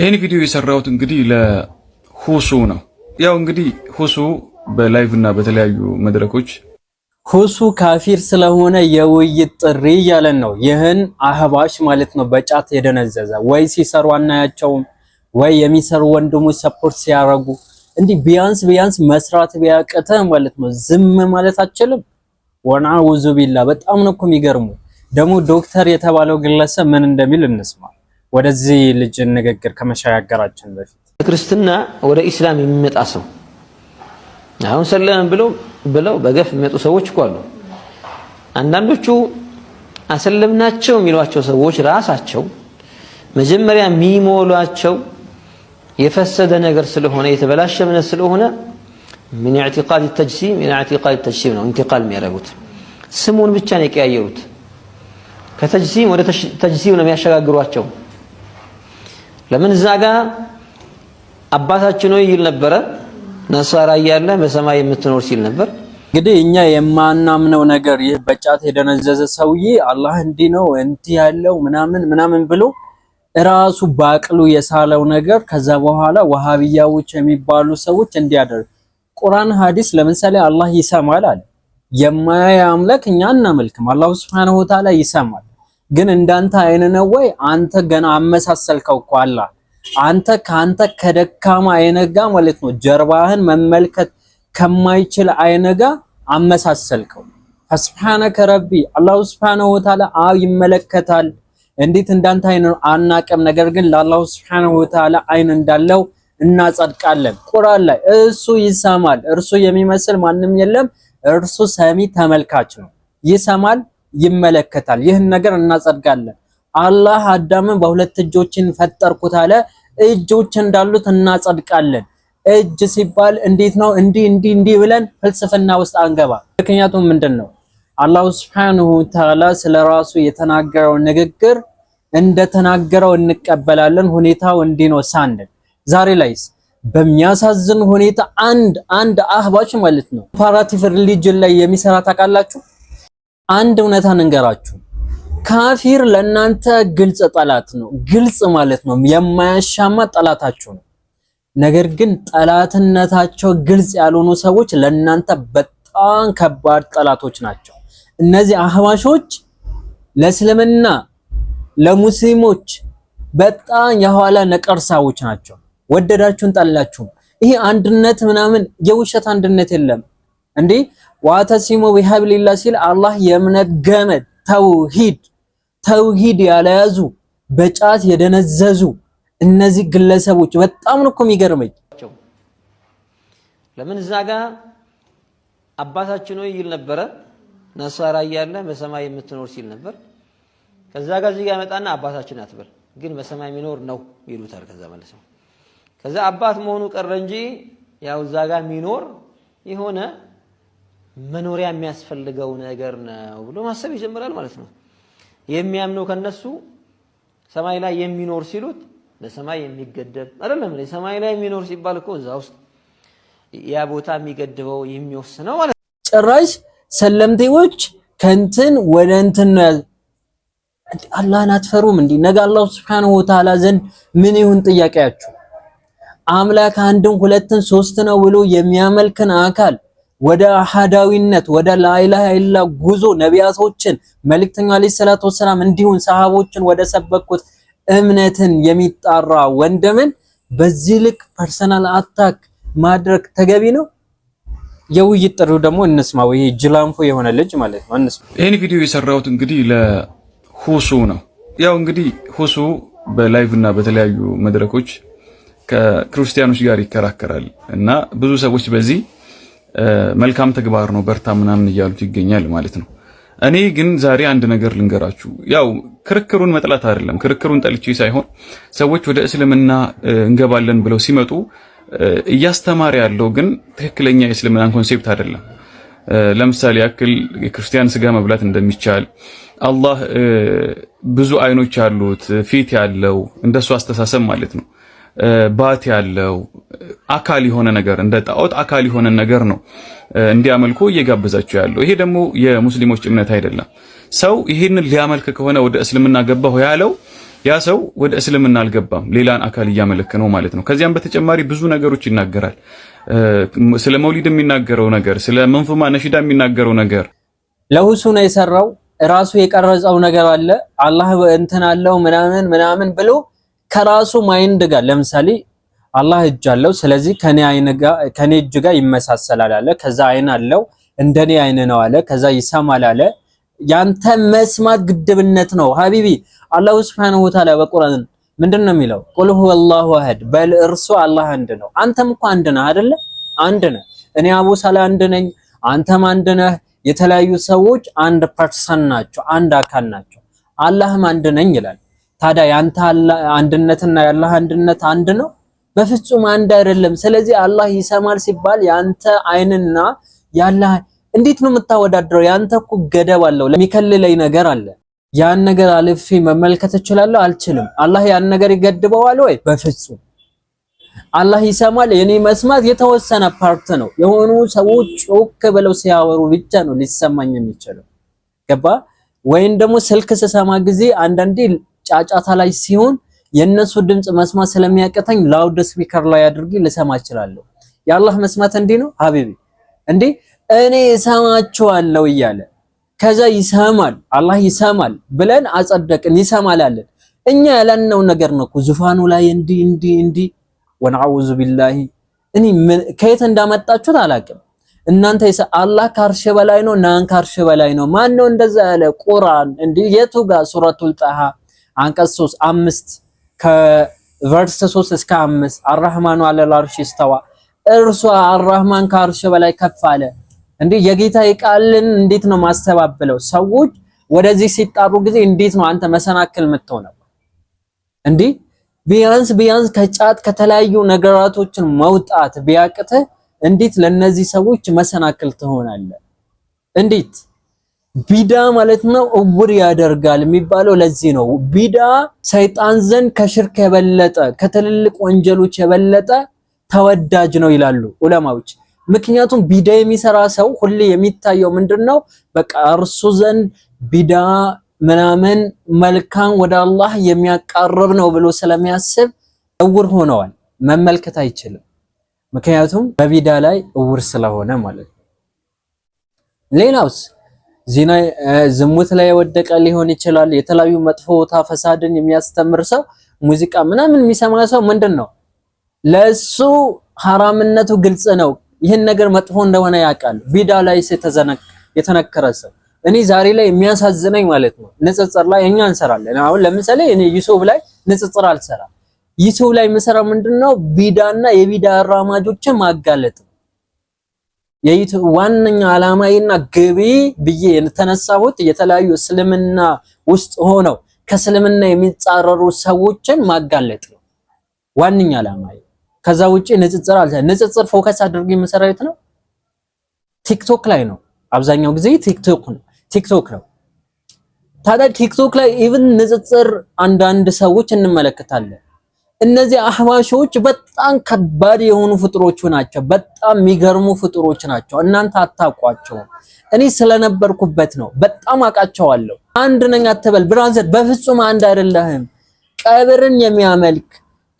ይህን ቪዲዮ የሰራሁት እንግዲህ ለሁሱ ነው። ያው እንግዲህ ሁሱ በላይቭ እና በተለያዩ መድረኮች ሁሱ ካፊር ስለሆነ የውይይት ጥሪ እያለን ነው። ይህን አህባሽ ማለት ነው በጫት የደነዘዘ ወይ ሲሰሩ አናያቸውም ወይ የሚሰሩ ወንድሞች ሰፖርት ሲያረጉ እንዲህ ቢያንስ ቢያንስ መስራት ቢያቅተ ማለት ነው ዝም ማለት አችልም። ውዙ ቢላ በጣም ነው እኮ የሚገርሙ። ደግሞ ዶክተር የተባለው ግለሰብ ምን እንደሚል እንስማ። ወደዚህ ልጅ ንግግር ከመሸጋገራችን በፊት ክርስትና ወደ ኢስላም የሚመጣ ሰው አሁን ሰለም ብለው ብለው በገፍ የሚመጡ ሰዎች እኮ አሉ። አንዳንዶቹ አሰለምናቸው የሚሏቸው ሰዎች ራሳቸው መጀመሪያ የሚሞሏቸው የፈሰደ ነገር ስለሆነ የተበላሸ እምነት ስለሆነ ምን ኢዕቲቃድ ተጅሲም ምን ኢዕቲቃድ ተጅሲም ነው ኢንቲቃል የሚያደርጉት ስሙን ብቻ ነው የቀያየሩት። ከተጅሲም ወደ ተጅሲም ነው የሚያሸጋግሯቸው። ለምን እዛ ጋ አባታችን ሆይ ይል ነበረ ነሳራ እያለ በሰማይ የምትኖር ሲል ነበር። እንግዲህ እኛ የማናምነው ነገር ይህ በጫት የደነዘዘ ሰውዬ አላህ እንዲህ ነው እንዲህ ያለው ምናምን ምናምን ብሎ እራሱ ባቅሉ የሳለው ነገር ከዛ በኋላ ወሃቢያዎች የሚባሉ ሰዎች እንዲያደር ቁርአን ሐዲስ ለምሳሌ አላህ ይሰማል አለ። የማያይ አምላክ እኛ እናመልክም፣ አላሁ ሱብሓነሁ ወተዓላ ይሰማል። ግን እንዳንተ አይን ነው ወይ? አንተ ገና አመሳሰልከው እኮ አላ አንተ ከአንተ ከደካማ አይነ ጋ ማለት ነው ጀርባህን መመልከት ከማይችል አይን ጋ አመሳሰልከው። ፈስብሓነከ ረቢ አላሁ ስብሓነሁ ወተዓላ አው ይመለከታል። እንዴት እንዳንተ አይን አናቅም፣ ነገር ግን ለአላሁ ስብሓነሁ ወተዓላ አይን እንዳለው እናጸድቃለን። ቁርአን ላይ እሱ ይሰማል፣ እርሱ የሚመስል ማንም የለም፣ እርሱ ሰሚ ተመልካች ነው፣ ይሰማል ይመለከታል። ይህን ነገር እናጸድቃለን። አላህ አዳምን በሁለት እጆችን ፈጠርኩት አለ። እጆች እንዳሉት እናጸድቃለን። እጅ ሲባል እንዴት ነው? እንዲህ እንዲህ እንዲህ ብለን ፍልስፍና ውስጥ አንገባ። ምክንያቱም ምንድን ነው አላሁ ስብሐነሁ ስለ ስለራሱ የተናገረው ንግግር እንደተናገረው እንቀበላለን። ሁኔታው እንዲህ ነው ሳንል ዛሬ ላይስ በሚያሳዝን ሁኔታ አንድ አንድ አህባሽ ማለት ነው ኮምፓራቲቭ ሪሊጅን ላይ የሚሰራ ታውቃላችሁ አንድ እውነታ እንገራችሁ። ካፊር ለእናንተ ግልጽ ጠላት ነው። ግልጽ ማለት ነው የማያሻማ ጠላታችሁ ነው። ነገር ግን ጠላትነታቸው ግልጽ ያልሆኑ ሰዎች ለእናንተ በጣም ከባድ ጠላቶች ናቸው። እነዚህ አህባሾች ለእስልምና ለሙስሊሞች በጣም የኋላ ነቀርሳዎች ናቸው። ወደዳችሁን ጠላችሁም ይሄ አንድነት ምናምን የውሸት አንድነት የለም እንዴ ዋተሲሙ ቢሀብሊላ ሲል አላህ የእምነት ገመድ ተውሂድ ተውሂድ ያለያዙ በጫት የደነዘዙ እነዚህ ግለሰቦች በጣም ነው እኮ የሚገርመኝ። ለምን እዛ ጋ አባታችን ሆይ ይል ነበረ ነሳራ እያለ በሰማይ የምትኖር ሲል ነበር። ከዛ ጋር እዚህ ጋር መጣና አባታችን አትበል ግን በሰማይ የሚኖር ነው ይሉታል። ከዛ ማለት ነው ከዛ አባት መሆኑ ቀረ እንጂ ያው እዛ ጋር የሚኖር የሆነ መኖሪያ የሚያስፈልገው ነገር ነው ብሎ ማሰብ ይጀምራል ማለት ነው። የሚያምነው ከነሱ ሰማይ ላይ የሚኖር ሲሉት ለሰማይ የሚገደብ አይደለም። ሰማይ ላይ የሚኖር ሲባል እኮ እዛ ውስጥ ያ ቦታ የሚገድበው የሚወስነው ማለት ነው። ጭራሽ ሰለምቴዎች ከንትን ወደ እንትን ነው። አላህን አትፈሩም? እንዲ ነገ አላህ ሱብሓነሁ ወተዓላ ዘንድ ምን ይሁን ጥያቄያችሁ? አምላክ አንድን ሁለትን ሶስት ነው ብሎ የሚያመልክን አካል ወደ አህዳዊነት ወደ ላኢላሃ ኢላ ጉዞ ነቢያቶችን መልእክተኛው አለይሂ ሰላቱ ወሰላም እንዲሁም ሰሃቦችን ወደ ሰበኩት እምነትን የሚጣራ ወንድምን በዚህ ልክ ፐርሰናል አታክ ማድረግ ተገቢ ነው? የውይይት ጥሪው ደግሞ እንስማው። ይሄ ጅላንፎ የሆነ ልጅ ማለት ነው። እንስማ። ይህን ቪዲዮ የሰራሁት እንግዲህ ለሁሱ ነው። ያው እንግዲህ ሁሱ በላይቭ እና በተለያዩ መድረኮች ከክርስቲያኖች ጋር ይከራከራል እና ብዙ ሰዎች በዚህ መልካም ተግባር ነው በርታ ምናምን እያሉት ይገኛል ማለት ነው። እኔ ግን ዛሬ አንድ ነገር ልንገራችሁ። ያው ክርክሩን መጥላት አይደለም፣ ክርክሩን ጠልቼ ሳይሆን ሰዎች ወደ እስልምና እንገባለን ብለው ሲመጡ እያስተማረ ያለው ግን ትክክለኛ የእስልምናን ኮንሴፕት አይደለም። ለምሳሌ ያክል የክርስቲያን ስጋ መብላት እንደሚቻል አላህ ብዙ አይኖች ያሉት ፊት ያለው እንደሱ አስተሳሰብ ማለት ነው። ባት ያለው አካል የሆነ ነገር እንደ ጣዖት አካል የሆነ ነገር ነው እንዲያመልኩ እየጋበዛቸው ያለው። ይሄ ደግሞ የሙስሊሞች እምነት አይደለም። ሰው ይህንን ሊያመልክ ከሆነ ወደ እስልምና ገባሁ ያለው ያ ሰው ወደ እስልምና አልገባም፣ ሌላን አካል እያመለክ ነው ማለት ነው። ከዚያም በተጨማሪ ብዙ ነገሮች ይናገራል። ስለ መውሊድ የሚናገረው ነገር፣ ስለ መንፉማ ነሽዳ የሚናገረው ነገር ለሁሱ ነው የሰራው ራሱ የቀረጸው ነገር አለ አላህ እንትን አለው ምናምን ምናምን ብሎ ከራሱ ማይንድ ጋር ለምሳሌ አላህ እጅ አለው፣ ስለዚህ ከኔ ጋር ከኔ እጅ ጋር ይመሳሰላል አለ። ከዛ አይን አለው እንደኔ አይን ነው አለ። ከዛ ይሰማል አለ። ያንተ መስማት ግድብነት ነው ሀቢቢ። አላሁ ሱብሓነሁ ወተዓላ በቁርአን ምንድን ነው የሚለው? ቁል ሁወላሁ አህድ፣ በል እርሱ አላህ አንድ ነው። አንተም እኮ አንድ ነህ አይደለ? አንድ ነህ። እኔ አቡ ሳላ አንድ ነኝ፣ አንተም አንድ ነህ። የተለያዩ ሰዎች አንድ ፐርሰን ናቸው፣ አንድ አካል ናቸው። አላህም አንድ ነኝ ይላል። ታዲያ ያንተ አንድነትና ያላህ አንድነት አንድ ነው? በፍጹም አንድ አይደለም። ስለዚህ አላህ ይሰማል ሲባል ያንተ አይንና ያላህ እንዴት ነው የምታወዳድረው? ያንተ እኮ ገደብ አለው። የሚከልለኝ ነገር አለ። ያን ነገር አልፌ መመልከት እችላለሁ? አልችልም። አላህ ያን ነገር ይገድበዋል ወይ? በፍጹም አላህ ይሰማል። የኔ መስማት የተወሰነ ፓርት ነው። የሆኑ ሰዎች ጮክ ብለው ሲያወሩ ብቻ ነው ሊሰማኝ የሚችለው። ገባ ወይም ደግሞ ስልክ ስሰማ ጊዜ አንዳንዴ ጫጫታ ላይ ሲሆን የእነሱ ድምፅ መስማት ስለሚያቀተኝ ላውድ ስፒከር ላይ አድርጊ ልሰማ እችላለሁ። የአላህ መስማት እንዲህ ነው ሀቢቢ፣ እንዴ እኔ እሰማችኋለሁ እያለ ከዛ ይሰማል፣ አላህ ይሰማል ብለን አጸደቅን፣ ይሰማል አለን። እኛ ያለነው ነገር ነው ዙፋኑ ላይ እንዲ እንዲ እንዲ ወነአውዙ ቢላሂ። እኔ ከየት እንዳመጣችሁት አላቅም። እናንተ ይሰ አላህ ካርሽ በላይ ነው፣ ናን ካርሽ በላይ ነው። ማን ነው እንደዛ ያለ? ቁርአን እንዲ የቱ ጋር ሱረቱል ጣሃ አንቀጽ 3 5 ከቨርስ 3 እስከ 5 አራህማኑ አለል አርሽ ስተዋ እርሷ አራህማን ከአርሽ በላይ ከፍ አለ። እንዴ የጌታ ቃልን እንዴት ነው ማስተባበለው? ሰዎች ወደዚህ ሲጣሩ ጊዜ እንዴት ነው አንተ መሰናክል የምትሆነው? እንዴ ቢያንስ ቢያንስ ከጫት ከተለያዩ ነገራቶችን መውጣት ቢያቅተ እንዴት ለነዚህ ሰዎች መሰናክል ትሆናለህ? እንዴት ቢዳ ማለት ነው እውር ያደርጋል የሚባለው ለዚህ ነው። ቢዳ ሰይጣን ዘንድ ከሽርክ የበለጠ ከትልልቅ ወንጀሎች የበለጠ ተወዳጅ ነው ይላሉ ዑለማዎች። ምክንያቱም ቢዳ የሚሰራ ሰው ሁሌ የሚታየው ምንድን ነው? በቃ እርሱ ዘንድ ቢዳ ምናምን መልካም ወደ አላህ የሚያቃርብ ነው ብሎ ስለሚያስብ እውር ሆነዋል፣ መመልከት አይችልም። ምክንያቱም በቢዳ ላይ እውር ስለሆነ ማለት ነው። ሌላውስ ዜና ዝሙት ላይ የወደቀ ሊሆን ይችላል። የተለያዩ መጥፎ ቦታ ፈሳድን የሚያስተምር ሰው ሙዚቃ ምናምን የሚሰማ ሰው ምንድን ነው ለሱ ሐራምነቱ ግልጽ ነው። ይህን ነገር መጥፎ እንደሆነ ያውቃል። ቢዳ ላይ የተነከረ ሰው እኔ ዛሬ ላይ የሚያሳዝነኝ ማለት ነው ንጽጽር ላይ እኛ እንሰራለን። አሁን ለምሳሌ እኔ ዩቲዩብ ላይ ንጽጽር አልሰራም። ዩቲዩብ ላይ የምሰራው ምንድነው ቢዳና የቢዳ አራማጆችን ማጋለጥ ነው። የዩቲዩብ ዋነኛ ዓላማዬና ግቤ ብዬ የተነሳሁት የተለያዩ እስልምና ውስጥ ሆነው ከእስልምና የሚጻረሩ ሰዎችን ማጋለጥ ነው ዋነኛ ዓላማዬ። ከዛ ውጪ ንጽጽር አለ ንጽጽር ፎከስ አድርጌ መሰራየት ነው። ቲክቶክ ላይ ነው አብዛኛው ጊዜ ቲክቶክ ነው ቲክቶክ ነው። ታዲያ ቲክቶክ ላይ ኢቭን ንጽጽር አንዳንድ ሰዎች እንመለከታለን። እነዚህ አህባሾች በጣም ከባድ የሆኑ ፍጥሮች ናቸው። በጣም የሚገርሙ ፍጥሮች ናቸው። እናንተ አታውቋቸውም። እኔ ስለነበርኩበት ነው። በጣም አውቃቸዋለሁ። አንድ ነኝ አትበል ብራዘር፣ በፍጹም አንድ አይደለህም። ቀብርን የሚያመልክ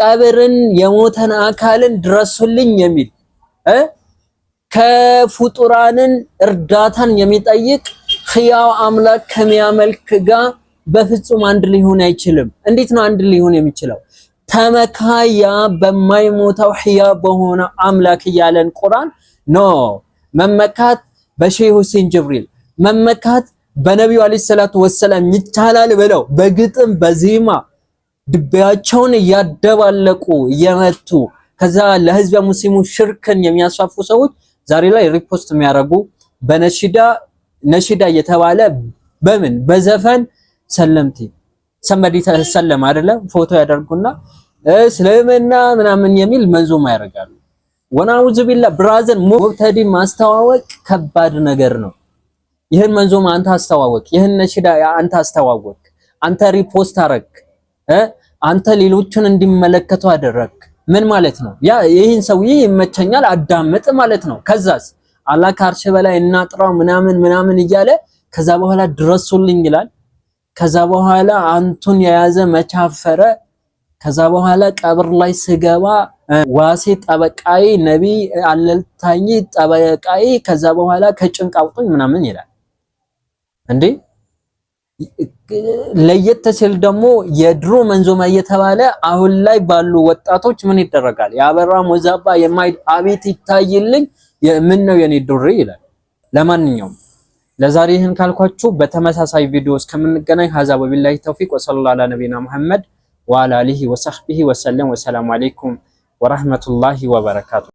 ቀብርን የሞተን አካልን ድረሱልኝ የሚል እ ከፍጡራንን እርዳታን የሚጠይቅ ህያው አምላክ ከሚያመልክ ጋር በፍጹም አንድ ሊሆን አይችልም። እንዴት ነው አንድ ሊሆን የሚችለው? ተመካያ በማይሞተው ሕያው በሆነ አምላክ እያለን ቁርአን ኖ መመካት በሼህ ሁሴን ጅብሪል መመካት በነቢዩ አለይሂ ሰላቱ ወሰላም ይቻላል ብለው በግጥም በዜማ ድቤያቸውን እያደባለቁ እየመቱ ከዛ ለህዝበ ሙስሊሙ ሽርክን የሚያስፋፉ ሰዎች ዛሬ ላይ ሪፖስት የሚያደርጉ በነሽዳ ነሽዳ እየተባለ በምን በዘፈን ሰለምቴ ሰመዲ ተሰለም አይደለም ፎቶ ያደርጉና እስልምና ምናምን የሚል መንዞማ ያደርጋሉ። ወናውዝ ቢላ ብራዘን ሙብተዲ ማስተዋወቅ ከባድ ነገር ነው። ይህን መንዞማ አንተ አስተዋወቅ፣ ይህን ነሽዳ አንተ አስተዋወቅ፣ አንተ ሪፖስት አረክ፣ አንተ ሌሎችን እንዲመለከቱ አደረክ ምን ማለት ነው? ያ ይህን ሰውዬ ይመቸኛል አዳምጥ ማለት ነው። ከዛስ አላህ ከአርሽ በላይ እናጥራው ምናምን ምናምን እያለ ከዛ በኋላ ድረሱልኝ ይላል። ከዛ በኋላ አንቱን የያዘ መቻፈረ። ከዛ በኋላ ቀብር ላይ ስገባ ዋሴ ጠበቃይ ነቢ አለልታኝ ጠበቃይ ከዛ በኋላ ከጭንቅ አውጡኝ ምናምን ይላል እንዴ። ለየት ሲል ደግሞ የድሮ መንዞማ እየተባለ አሁን ላይ ባሉ ወጣቶች ምን ይደረጋል? የአበራ ሞዛባ የማይ አቤት ይታይልኝ ምን ነው የኔ ዱሬ ይላል። ለማንኛውም ለዛሬ ይህን ካልኳችሁ በተመሳሳይ ቪዲዮ እስከምንገናኝ ሀዛ ወቢላሂ ተውፊቅ ወሰለላሁ ዐላ ነቢና መሐመድ ወዐላ አሊሂ ወሰህቢሂ ወሰለም። ወሰላሙ አለይኩም ወራህመቱላሂ ወበረካቱ።